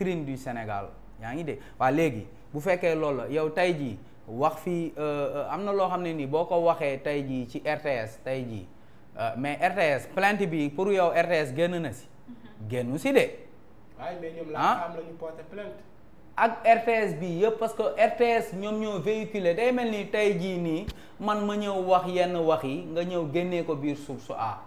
vitrine du Sénégal yaa ngi de waaw léegi bu fekkee lool la yow tey jii wax fii euh, euh, am na loo xam ne nii boo ko waxee tey jii ci RTS tey jii euh, mais RTS plainte bi pour yow RTS génn na si génnu si de waaye ah? la ak RTS bi yëpp parce que RTS ñoom ñoo véhiculé day mel ni tey jii nii man ma ñëw wax yenn wax yi nga ñëw génnee ko biir source A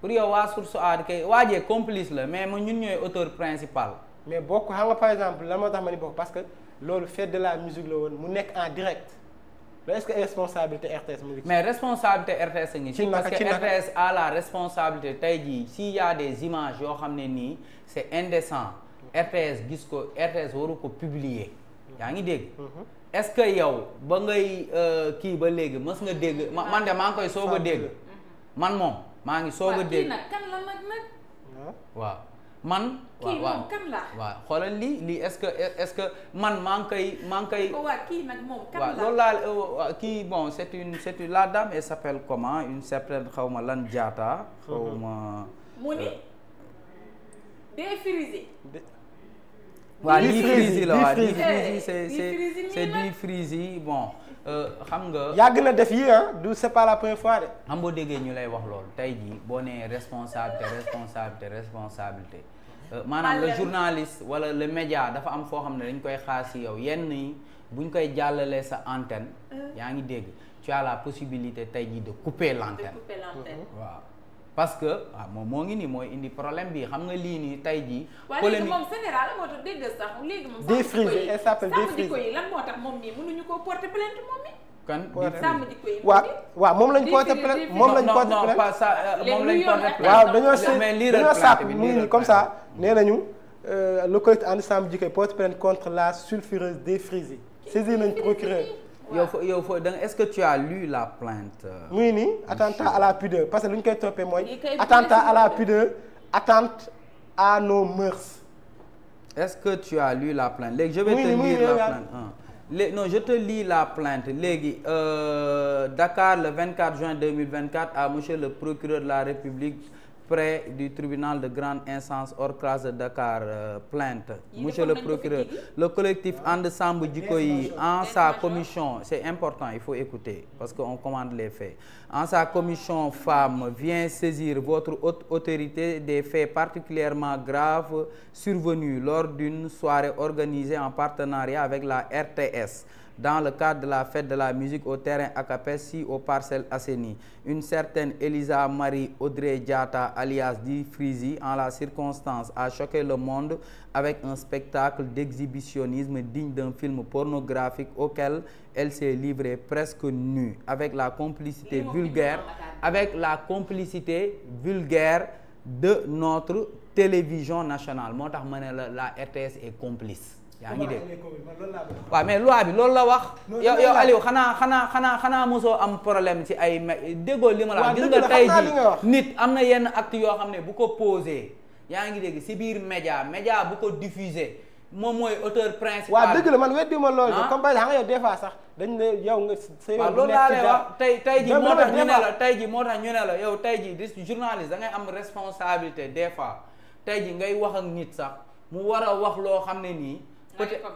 pour yow waa source A kay waajee complice la mais ma ñun ñooy auteur principal mais bokk xam nga par exemple la moo tax ma ni bokk parce que loolu fête de la musique la woon mu nekk en direct mais est-ce que responsabilité RTS mu ngi mais responsabilité RTS a ngi ci parce que RTS a la responsabilité tey jii s'il y des images yoo xam ne nii c'est indécent RTS gis ko RTS waru ko publier yaa ngi dégg mhm. est-ce que yow ba ngay euh, kii ba léegi mës nga dégg man de maa ngi koy soog a dégg man moom maa ngi soog a dégg waaw man. waaw waaw kii kan xoolal lii lii est-ce que est-ce que man maa ngi oh, kii nag loolu laa oh, kii bon c'est une c'est une la dame elle s'appelle comment une certaine xaw ma lan jaata. xaw mhm. ma. mu ni. Euh, défrisé. waaw lii frisi la waaw lii eh, bon euh, xam nga. yàgg la def yi ah du c'est pas la première fois de. xam boo déggee ñu lay wax loolu tey jii boo nee responsabilité responsabilité responsabilité. Euh, maanaam le journaliste wala le média dafa am foo xam ne dañ koy xaar si yow yenn yi buñ koy jàllalee sa antenne euh. yaa ngi dégg tu as la possibilité tey jii de couper l'antenne mhm. waaw parce que ah, moom moo ngi nii mooy indi problème bi xam nga lii nii tey jii. polémique moom kan sàmm moom lañ porter plainte moom lañ porter plainte. waaw dañoo si nii comme ça. nee nañu euh, le collectif And Samm Jikko Yi porte plainte contre la sulfureuse défrisée saisir nañ procureur. yow fo yow fo donc est que tu as lu la plainte. muy nii attentat à la pudeur parce que lu ñu koy toppee mooy. attentat à la pudeur atteinte à no mœurs. est-ce que tu as lu la plainte léegi je vais li lire la plainte léegi non je te lis la plainte léegi euh, Dakar le juin 2024 à monsieur le procureur de la République. près du tribunal de grande instance hors classe de Dakar euh, plainte monsieur le procureur le collectif And Sàmm Jikko Yi en sa commission c'est important il faut écouter parce qu'on commande les faits en sa commission femme vient saisir votre haute autorité des faits particulièrement graves survenus lors d'une soirée organisée en partenariat avec la RTS dans le cadre de la fête de la musique au terrain ACAPES 6 aux Parcelles Assainies une certaine Elisa Marie Audrey Diatta alias Di Frizi en la circonstance a choqué le monde avec un spectacle d'exhibitionnisme digne d'un film pornographique auquel elle s'est livrée presque nue avec la complicité vulgaire avec la complicité vulgaire de notre télévision nationale moo tax ma ne la la RTS est complice yaa ngi dégg waa mais loi bi loolu la wax. yow yow xanaa xanaa xanaa xanaa mosoo am problème si ay déggoo li ma la wax. gis nga tey ji nit am na yenn acte yoo xam ne bu ko posé. yaa ngi dégg si biir média média bu ko diffusé moom mooy auteur principal. waaw dëgg la man weddi ma loolu. Ah? comme par exemple fois sax dañ ne nga. sa yow loolu laa lay tey ji moo tax ñu ne la tey ji moo tax ñu ne la yow tey ji di journaliste da ngay am responsabilité des fois tey ji ngay wax ak nit sax mu war a wax loo xam ne nii. peut-être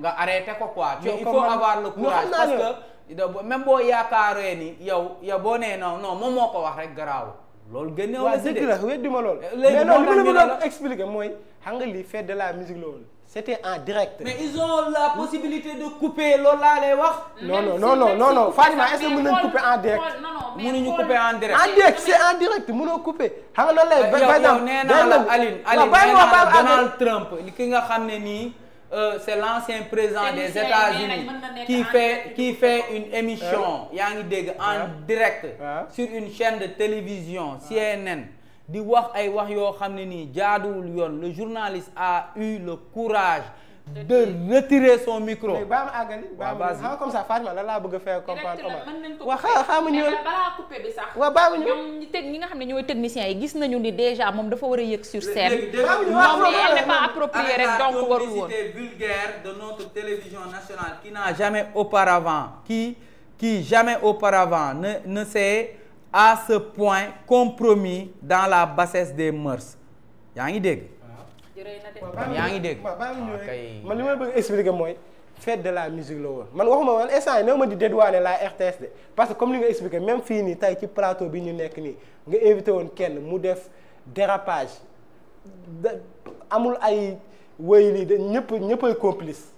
nga arrêté ko quoi tu il faut avoir le courage parce yaakaaree ni yow yow boo nee non non moo ko wax rek garaaw loolu gënneew la dëgg la weddi ma loolu mais non a expliquer mooy xam nga lii fête de la musique c'était en direct. mais ils ont la possibilité de couper loolu laa wax. non non non non non est-ce nañu couper en direct. mënuñu couper en direct. en direct c'est en direct mënoo couper. xam nga loolu lay. par exemple la Aline Aline Donald Trump ki nga xam ne nii. Euh, c'est l'ancien président des États-Unis qui fait une émission yaa ngi dégg en direct sur une chaîne de télévision CNN di wax ay wax yoo xam ne nii jaaduwul yoon le journaliste a eu le courage de retirer son micro. mais ba ma àggali. waaw ba ma comme ça Fatima lan laa bëgg a faire comprendre. waaw xaaral xaaral ma ñëw balaa coupé sax. waaw baamu ñu ñoom ñi teg ñi nga xam ne ñooy techniciens yi gis nañu ni déjà moom dafa war a yëg sur scène. moom il n'est pas approprié rek donc warul woon. vulgaire de notre télévision nationale qui n'a jamais auparavant qui qui jamais auparavant ne ne s'est à ce point compromis dans la bassesse des mœurs yaa ngi dégg. yaa ngi dégg man li ma bëgg expliquer mooy. fête de la musique la woon man waxuma man instant yi néew ma di dédouaner la RTS de parce que comme li nga expliqué même fii nii tey ci plateau bi ñu nekk nii nga invité woon kenn mu def dérapage amul ay wéy lii de ñëpp ñëpp ay complice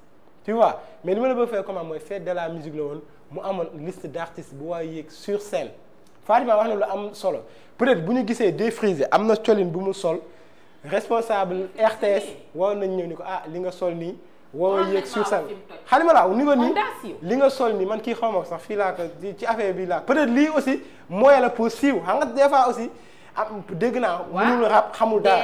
tu vois mais li ma la bëgg fay comment mooy fête de la musique la woon mu amoon liste d' artistes bu waay yéeg sur scène Fatima wax na lu am solo peut-être bu ñu gisee défrisé am na colin bu mu sol responsable RTS waroon nañ ñëw ni ko ah li nga sol nii. woo yéeg sur scène xam nga laa ni nga nii li nga sol nii man kii xaw ma ko sax fii laa ko ci affaire bi laa peut-être lii aussi moyen la pour siiw xam nga des fois aussi am dégg naa. mënul rap xamul dara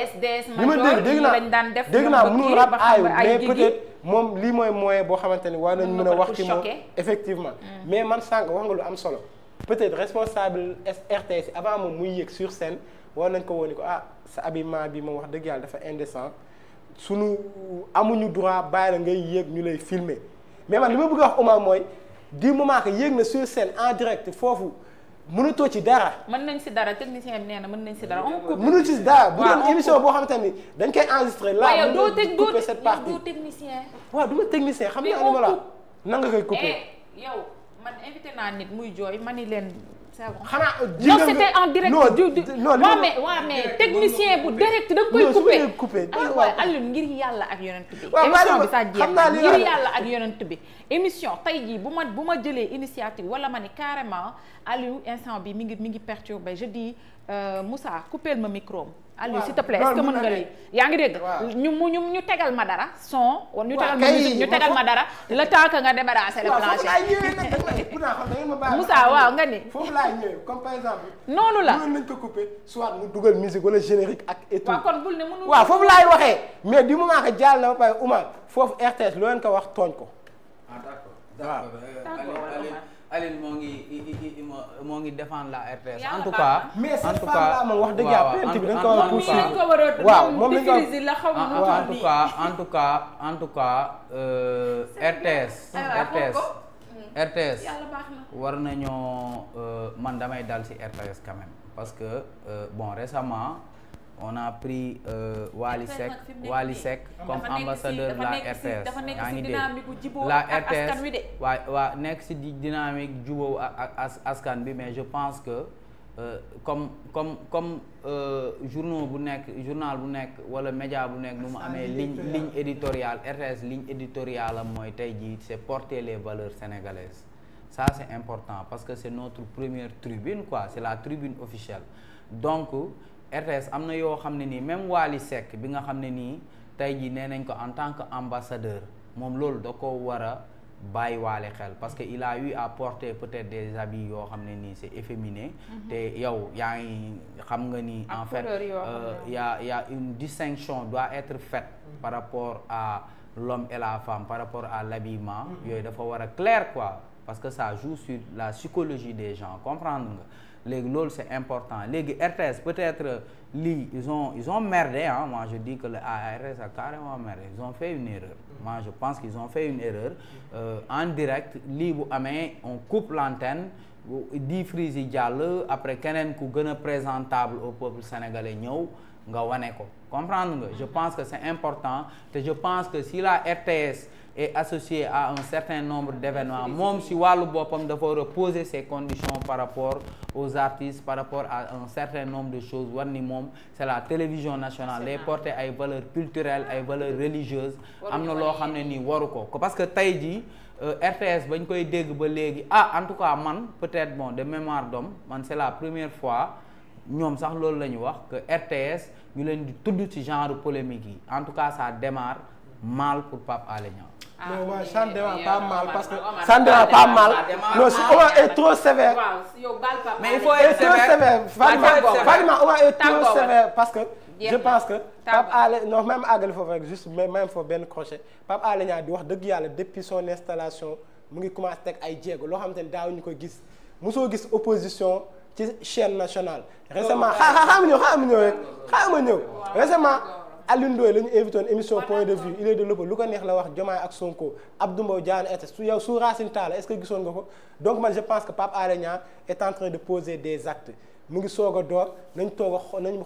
li ma dégg dégg naa dégg naa mënul rap aayu mais peut moom lii mooy moyen boo xamante ni war nañ mën a wax ci moom effectivement mm. mais man sànq wax nga lu am solo. peut-être responsable RTS avant moom muy yëg sur scène war nañ ko woon ko ah sa habillement bi moom wax dëgg yàlla dafa indécent sunu amuñu droit bàyyi la ngay yéeg ñu lay filmer mais man li ma bëgg a wax Oumar mooy di moment que yéeg na sur scène en direct foofu mënatoo ci dara. mën nañ si dara technicien bi nee na mën nañ si dara. on mënu ci dara bu doon émission boo xamante ni dañ koy enregistré. la waaye doo teg technicien. waaw du ma technicien xam nga li ma la wax koy coupé eh, yow. man invité naa nit muy jooy ma ni leen. xanaa non c'était en direct. non non li mais waaw mais technicien bu direct da nga koy coupé. non coupé Alioune ngir yàlla ak yonent bi. émission bi sax jeex ngir yàlla ak yonent bi. émission tey jii bu ma bu ma jëlee initiative wala ma ni carrément Aliou instant bi mi ngi mi ngi perturbé je dis euh, Moussa coupeel ma micro am Aliou s'il te plaît est-ce mën nga lii yaa ngi dégg ñu mu ñu ñu tegal ma dara son wala ñu tegal ma musique dara la temps que nga débarrasser le plancher Moussa waaw nga ni foofu laay noonu la mën nañ ko couper soit mu dugal musique wala générique ak et tout kon bul ne mënu waaw foofu laay waxee mais du moment que jàll na ba pare Oumar foofu RTS loo leen ko wax tooñ ko ah d'accord Aline moo ngi moo ngi défendre la RTS. en tout cas en tout cas wax dëgg yàlla plainte bi dañ ko a en tout cas en tout cas en tout cas euh, RTS. Ah mm. war nañoo euh, man damay dal ci RTS quand même parce que euh, bon récemment. on a pris euh, Wally Seck Wally Seck comme ambassadeur la RTS yaa ngi dégg la RTS waa waa nekk ci dynamique jubóowu ak askan bi mais je pense que euh, comme comme comme euh, journaux bu nekk journal bu nekk wala média bu nekk nu mu amee ligne ligne éditoriale RTS ligne éditoriale am mooy tey jii c'est porter les valeurs sénégalaises ça c'est important parce que c'est notre première tribune quoi c'est la tribune officielle donc RTS am na yoo xam ne nii même waali Seck bi nga xam ne nii tey jii nee nañ ko en tant que ambassadeur moom loolu da ko war a bàyyi waale xel parce que il a eu à porter peut-être des habits yoo xam ne nii c'est efféminé mhm. te yow yaa ngi xam nga ni en fait euh, y a y a une distinction doit être faite mhm. par rapport à l'homme et la femme par rapport à l'habillement mhm. yooyu dafa war a clair quoi parce que ça joue sur la psychologie des gens comprendre nga léegi loolu c'est important léegi RTS peut-être lii ils ont ils ont merdé ah moi je dis que le ARS a carrément merdé ils ont fait une erreur moi je pense qu'ils ont fait une erreur euh, en direct lii bu amee on coupe l'antenne di frise yi jàll après keneen ku gën a présentable au peuple sénégalais ñëw nga wane ko comprendre nga je pense que c'est important te je pense que si la RTS est associée à un certain nombre d'événements moom si wàllu boppam dafa reposer ses conditions par rapport aux artistes par rapport à un certain nombre de choses war ni moom c'est la télévision nationale lay porter ay valeurs culturelles ay valeur religieuses am na loo xam ne nii waru ko parce que tey jii euh, RTS ba bañ koy dégg ba léegi ah en tout cas man peut-être bon de mémoire d'homme man c'est la première fois ñoom sax loolu la ñu wax que RTS ñu leen di tudd ci genre polémique yi en tout cas ça démarre mal pour Pape Alé Niang. ah non waaw ça ne mal parce que ça ne démarre pas mal non si Omar trop sévère. mais il faut trop sévère parce que. je pense que Pape Alé non même àggali foofu rek juste même foofu benn crochet Pape Alé Niang di wax dëgg yàlla depuis son installation mu ngi commencé teg ay jéego loo xamante ne ñu ko gis mosoo gis opposition. ci chaîne nationale. Oh. récemment xaa xaa ma ñëw xaa ma ñëw rek xaa ma ñëw récemment. Alioune Ndoye la émission point de vue il est de l'oppo lu ko neex la wax Diomaye ak Sonko Abdou Mbow Diané et su yow su Racine Talla est-ce que gisoon nga ko donc man je pense que Pape Alé est en train de poser des actes mu ngi soog a door nañ toog a nañ